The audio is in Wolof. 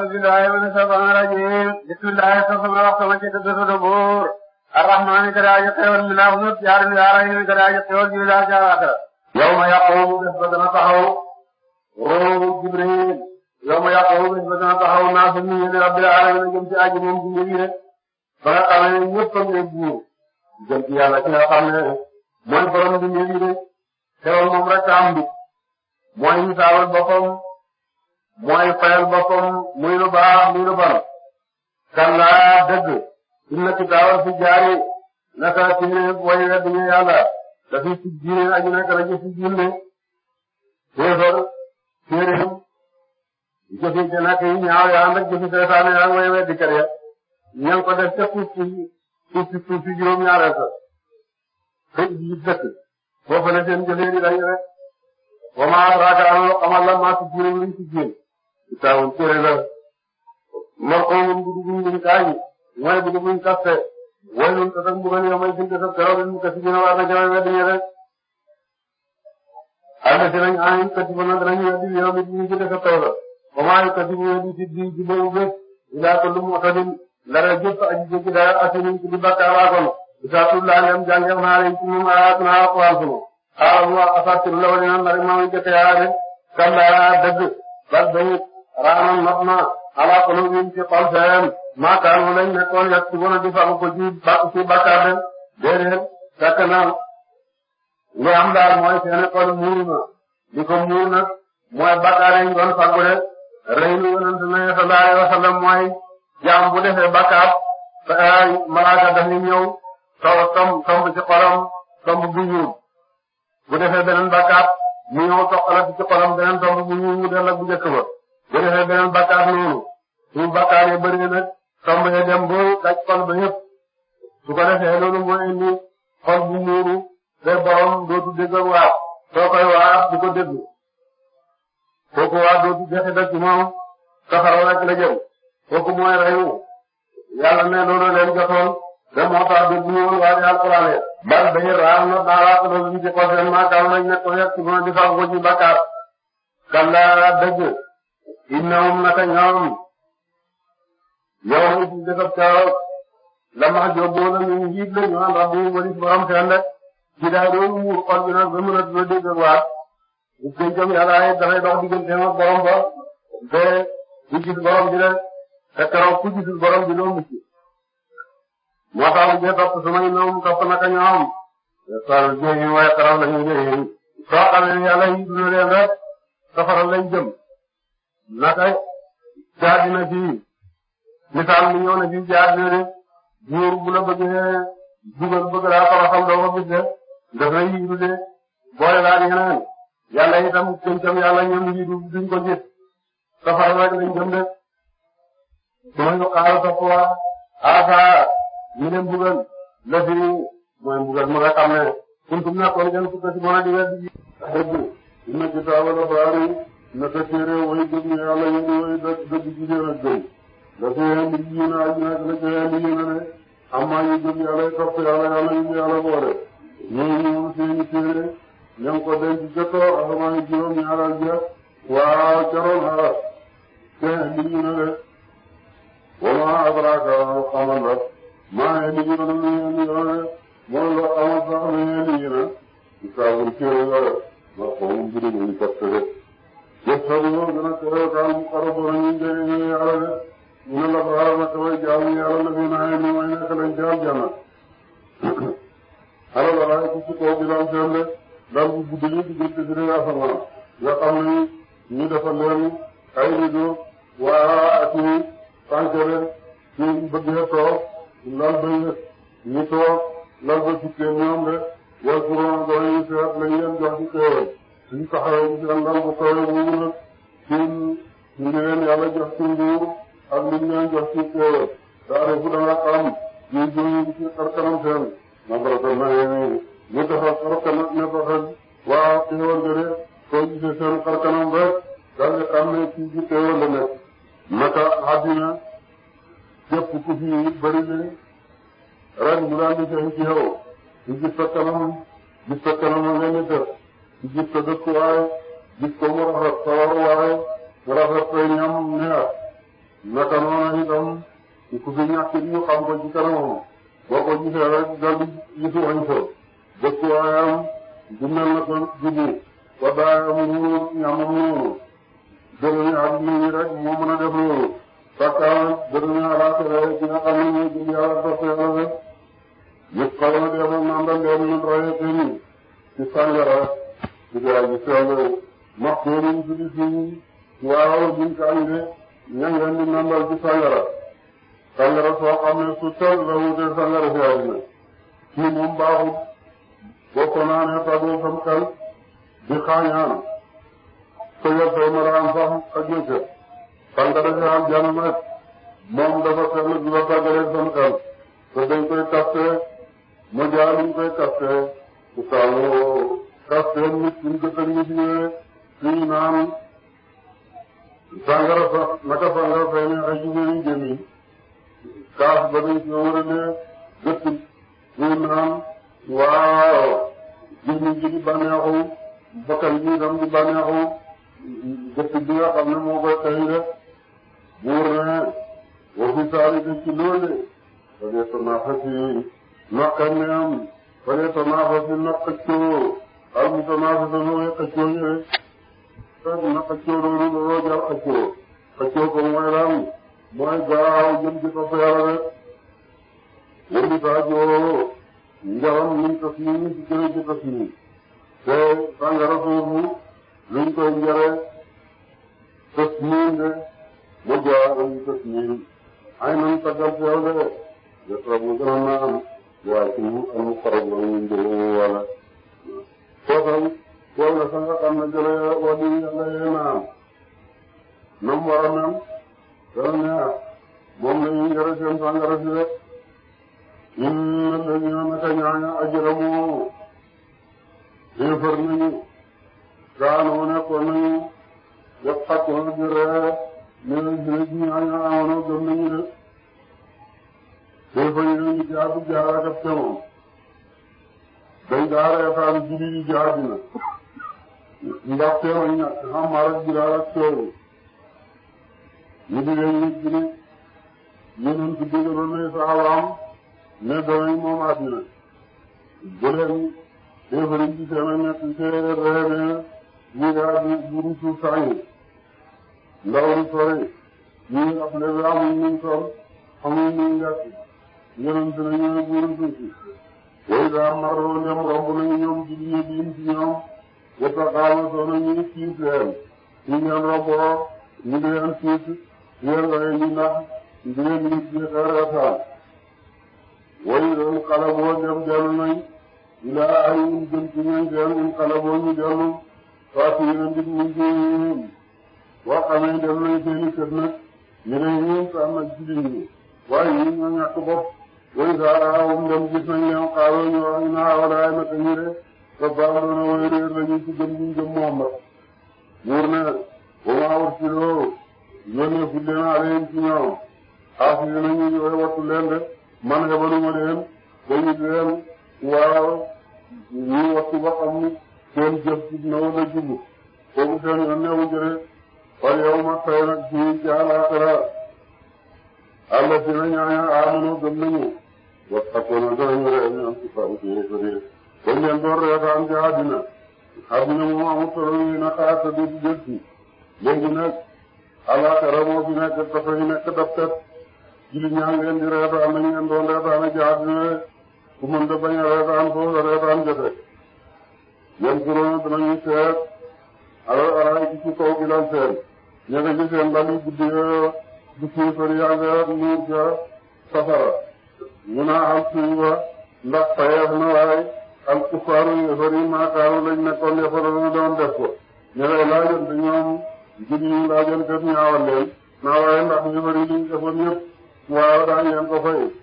أعوذ بالله من الشيطان الرجيم بسم الله الرحمن الرحيم سبحان الدبور الرحمن كراج خير من أغنب جار من الرحيم كراج خير من الجارات يوم يقوم بسبتنا تحو روح جبريل يوم يقوم بسبتنا تحو ناس من رب العالمين جمت أجمهم جميعا فلقمين يبقم يبقو جمت يالا كنا قمنا من فرم جميعا teewal moom rek am bi mooy misaawal boppam mooy fayal boppam muy lu muy lu bon dëgg inna kitaaba fi jaari naka ci way wedd ñu yàlla dafi ci la jëfi julli téefar téeréem jëfi ci nekk yi ñaaw yaa nag jëfi seetaane yaa way weddi kër ya ñan ko def ca suuf si suuf si suuf si juróom ñaareel sa xëy ji dëkk boo fa ne seen jëfee di dañ rek wa maa raaka amal la maa ci diine luñ ci diine kitaabu téere la lor ko woon bu dugub ñu kaay mooy bu dugub ñu kaste waaye ñun kat ak mbugal yow sa keroog ñu kat si gën a war a jaay wedd ñi rek. ànd si lañ ah ñu kat si ba sa tool ba maa ngi kat si bu wedd si di di ba ubbe ilaa ko lu mu otolim dara jëpp aji jëkk dara asinin ci di bakkaar laa kon isaa tudd laa ngeen jàngeef naa leen kallaa dëgg bal raxaman not na ala qulubihim ci xol seen ma kaanu lañ nekkoon yaktubuna di fagu ko ci ba ci bakkaar de déedéet fekk am daal mooy seen xol muur na li ko muur nag mooy bakkaar yi doon fagu de rëy lu yonent na sallallahu alayhi wa sallam mooy jaam bu defee bakkaar malaaka daf ni ñëw taw tomb tomb ci xolam tomb bu bu defee beneen bakkaar mu ñëw toqala ci xolam beneen tomb bu mu dellu ak bu njëkk bu defee beneen bakkaar noonu su ko defee loolu mooy indi xol bu muuru te borom dootu dégg ak waat soo koy waat du ko dégg kooku waat dootu jeexit ak moom saxaroon rek la jëm kooku mooy reyu yàlla ne loolu leen jotoon da moo tax dégg ñu woon waa di alxuraan bal dañu raal na daalaat loolu ñu ci concernant kan lañ ne ko yegg ci moom di fax ko ci bakkaar kan laa dëgg innahum naka ñoom yow it defar caawa la max jooboon na ñu njiit la ñu naan wax dëgg wala borom seen rek ci daal yow mu xol bi nag ba mu nekk ba dégg ak waat gis nga yàlla ay dafay dox diggante ak borom ba te ku gis borom bi la te keroog ku gisul borom bi doo mucc moo tax ñu topp samay ñoom topp naka ñoom. waaw jërëjëf waaye xarala ñu jëlee soo xamee yàlla yi dina leen rek safaral lañ jëm. naka jaar dina fi misaal mi ñëw na fi jaar dina ne buur bu la bëggee dugal bëgg laa toroxal doo ko gis de daf lay yiitu de boole laa yeneen yàlla itam këncam yàlla ñoom yiitu duñ ko gis safara rek lañ jëm de mooy lu xaaru safuwaa aasaa ñu ne mbugal la fi mooy mbugal ma nga xam ne kuntum nekkoon ngeen fukk si mën a di wedd dëgg dina ci toogal ba na fekkee way gëm ne yàlla yéen way dëgg dëgg jigéen ak gëm dafay indi jigéen ak nekk dafay indi yéen ne amaa ñu gëm yàlla yi topp yàlla yàlla yi ñu yàlla boole ñooñu moom seeni téere ña ko denc jotoo asamaan yi juróom ñaaral ja waaw caroon xaar te indi ñu ne de wala adraka amal la maa indi ñu ne lu indi ñu ne mooy loo amal sax lu indi ñu ne. ci saabu téere nga la ndax xaw ma bu dee ñu topp rek. wax dëgg moom dana teew daal mu xarab wala ñuy jëlee ñooy la ko xarab naka way jaam la fi naaye ni may nekk lañ ci la waaye ku ci kaw bi laal seen de daal bu gudd ñu diggante ci réer asamaan nga xam ne ñu defal leen ay rido waa ak ñu tànkere ñu bëggee toog lal ba ñu toog lal ba jukkee ñoom de yàlla pour ma doon ñu seet lañ leen jox ci teewal. suñ taxawee ci seen ndam bu soobee boobu nag suñ suñ leen yàlla jox ci nguur ak liñ jox ci teewal daanaka dana xam ñuy jëm ci xar kanam seen moom la ko mayee mu taxaw ne ko xel waa teewal ga de soo gisee seen xar kanam rek daal di xam ne ci ci teewal la nekk naka àddina képp ku fi bëri leen mu daal di fexe ci xew ci gis sa kanam gis sa kanam ngay ci gis ko dëkkuwaay gis ko mu rafet sa waruwaay su rafet say ñam neex naka noonu itam ku fi ñàkk ñu xam ko ko gisee rek dal wañ fa dëkkuwaayam du mel na ko jubu waddaayam muur ñamam noonu dëgëñu ak nit ñi rek moo mën a def loolu sakkaan dëgëñu alaakare gi nga xam ne ñu jub yàlla daf yàlla rek yëpp xaw na defoon naan dal dee mun a royee di ko rajo Sow moq yooyu ñu ci suñu waaw buñ ko andee ña ngeen di nandal ci sangara sangara soo xam su teel la wutee sangara si àdduna kii moom baaxul boo ko naanee tagoo sam xel di xaañaan te yor soo mën a am sax ak yëkkër sangara si àjjana koy capter mu jaar koy capter su tawoo. daf seen nit suñ jëfee nit ñëwee suñ naan sàngara fa naka sàngara fay ne ay jigéen yu jëm yi kaas ba dañ ko wëralee gëtt suñ naan waaw jëmm ji di bànneexu bakkan bi itam di bànneexu gëtt bi nga xam ne moo koy xëy rek buur ne waxi saali di ci loole fa dee tanaafa si naqaneem fa dee tanaafa si naqacoo al mutanaafisun mooy xëccoo yi rek fekk na xëccoo loolu looloo jar xëccoo xëccoo ko mooy lan mooy gaaw jëm ci topp yàlla rek wala saa joo njaram luñ tas nii ñu ci jëlee ci tas nii te sàngara foofu luñ koy njare tas nii mu jaar luñ tas nii ay nañ taggal ci yàlla de yasrabu gën a naan waaye ci mu am xarab la ñu njëriñu wala. kaanu nekkoon nañu yëpp fàttali ñu réer mais léegi ñu ànd ak amoon gëm nañu ne a ñu jaar bu jaar ak ak teewoon day jaar yaakaar ji bi jaar dina ndax teewoon ña xam mara jaar ak teewoon ñu di leen nit ñi ne ñun ci dëgëroon nañu sa awaam mais danañ moom àddina bu leen déedéet yi ñii daal di di di suuf ñii ab léegi amuñ ñu ngi toll amuñ ñu ngi gàtt yonent na ñu ne buuru suuf si. nañu ñoom ci biir biir ci ñoom waxtaan xaaral soo nañu ñu siif leen ñu leen romboo ñu di leen siif leen waaye ñu ndax di leen ñi xeer waxtaan. waaye daal xale boo dem dellu nañ ilaa ay jëm ci ñoom seen xale boo ñu dellu. waa si yeneen bi ñu ngi boo xamee dem nañ seeni kër nag yeneen ñoom am na jullit ñi waaye ñun ñoo ñàkk bopp way saaraawum dem gis nañ leen xaaroo ñu wax ñu naa wala ay naka ñu de te baax doona way ci gëm ñu gëm moom rek muur ne ba maa war ci loolu yónnee fi leen aleen ci ñoom aasi nañu way wattu leen de man xebaluma leen dañu leen waaw ñu wattu ba xam seen jëf ci dina wala jublu kooku seen yoon newu jëre fal yow ma tey nag fii ci àllaaxira àlla si na ñaaña aamanu gëm nañu a danañu reer ñoom ci faw ci yéefa réer kon leen doon reetaan ci àddina àddina moom amul yi na xalaat di jël si léegi nag moo fi nekk dafay nekk daf jili ñaa ngeen di reetaan nañ doon reetaan ci àddina ku mën da reetaan foofu reetaan jëfe yan juróom danañu seet alors araay ci ci kaw bi lan seen ña nga ci seen lali guddi ga du siifar yaa nga safara ñu naa al siiba ndax payeef na waay al kufaaru yéefar yi maakaaru lañ nekkoon yéefar la doon def ko ña ngay laajante ñoom jub ñu laajante ñaawal leen naa waaye ndax yéefar yi liñ defoon yëpp waaw daañ leen ko fay